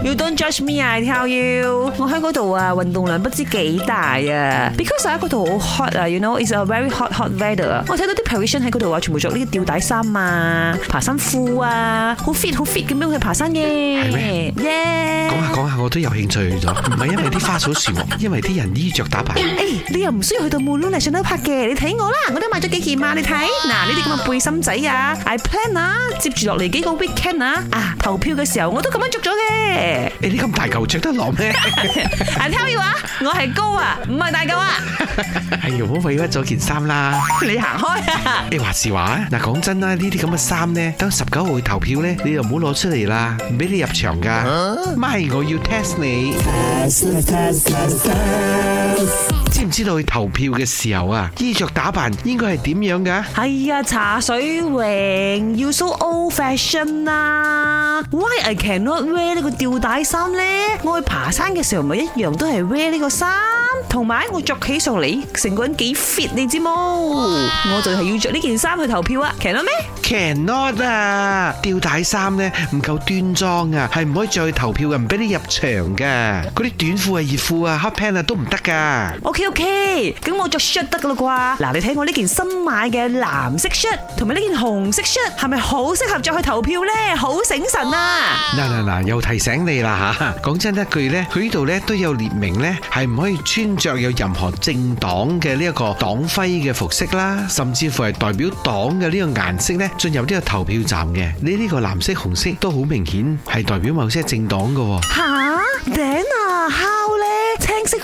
You don't judge me, I tell you 我。我喺嗰度啊，運動量不知幾大啊。because 喺嗰度好 hot 啊，you know it's a very hot hot weather。我睇到啲 perfection 喺嗰度啊，全部着呢啲吊帶衫啊、爬山褲啊，好 fit 好 fit 咁樣去爬山嘅。係咩耶！e 講下講下，我都有興趣咗，唔係因爲啲花草樹木，因爲啲人衣着打扮。誒，hey, 你又唔需要去到 Mulu 上度拍嘅，你睇我啦，我都買咗幾件啊，你睇。嗱，呢啲咁嘅背心仔啊，I plan 啊，接住落嚟幾個 weekend 啊，啊，投票嘅時候我都咁樣着咗嘅。誒，你咁大嚿着得落咩？I tell you，啊，我係高啊，唔係大嚿啊。係啊，我委屈咗件衫啦。你行開。你話時話啊？嗱，講真啦，呢啲咁嘅衫咧，等十九號去投票咧，你就唔好攞出嚟啦，唔俾你入場噶。咪，我要 test 你。知唔知道去投票嘅時候啊，衣着打扮應該係點樣噶？係啊，茶水泳要 so old fashion 啊？Why I cannot wear 呢個吊？吊帶衫咧，我去爬山嘅時候咪一樣都係 wear 呢個衫，同埋我着起上嚟成個人幾 fit，你知冇？我就係要着呢件衫去投票啊？Cannot 咩？Cannot 啊！吊帶衫咧，唔夠端莊啊，係唔可以着去投票嘅，唔俾你入場噶。嗰啲短褲啊、熱褲啊、hot pants 啊都唔得噶。OK OK，咁我着 shirt 得噶啦啩？嗱，你睇我呢件新買嘅藍色 shirt，同埋呢件紅色 shirt，係咪好適合着去投票咧？好醒神啊！嗱嗱嗱，又提醒。你啦吓，講真一句咧，佢呢度咧都有列明咧，係唔可以穿着有任何政黨嘅呢一個黨徽嘅服飾啦，甚至乎係代表黨嘅呢個顏色咧，進入呢個投票站嘅，你呢個藍色、紅色都好明顯係代表某些政黨㗎。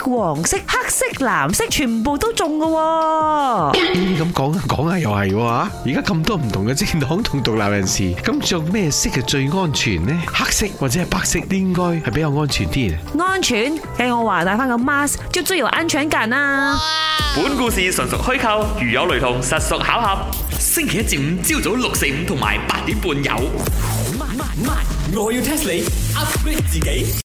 黃色、黑色、藍色，全部都中嘅，啊嗯。咁講啊講下，又係，而家咁多唔同嘅政黨同獨立人士，咁着咩色嘅最安全呢？黑色或者係白色，應該係比較安全啲。安全，聽我話，戴翻個 mask 就最有安全感噶啦。哇本故事純屬虛構，如有雷同，實屬巧合。星期一至五朝早六四五同埋八點半有。我要 test 你，upgrade 自己。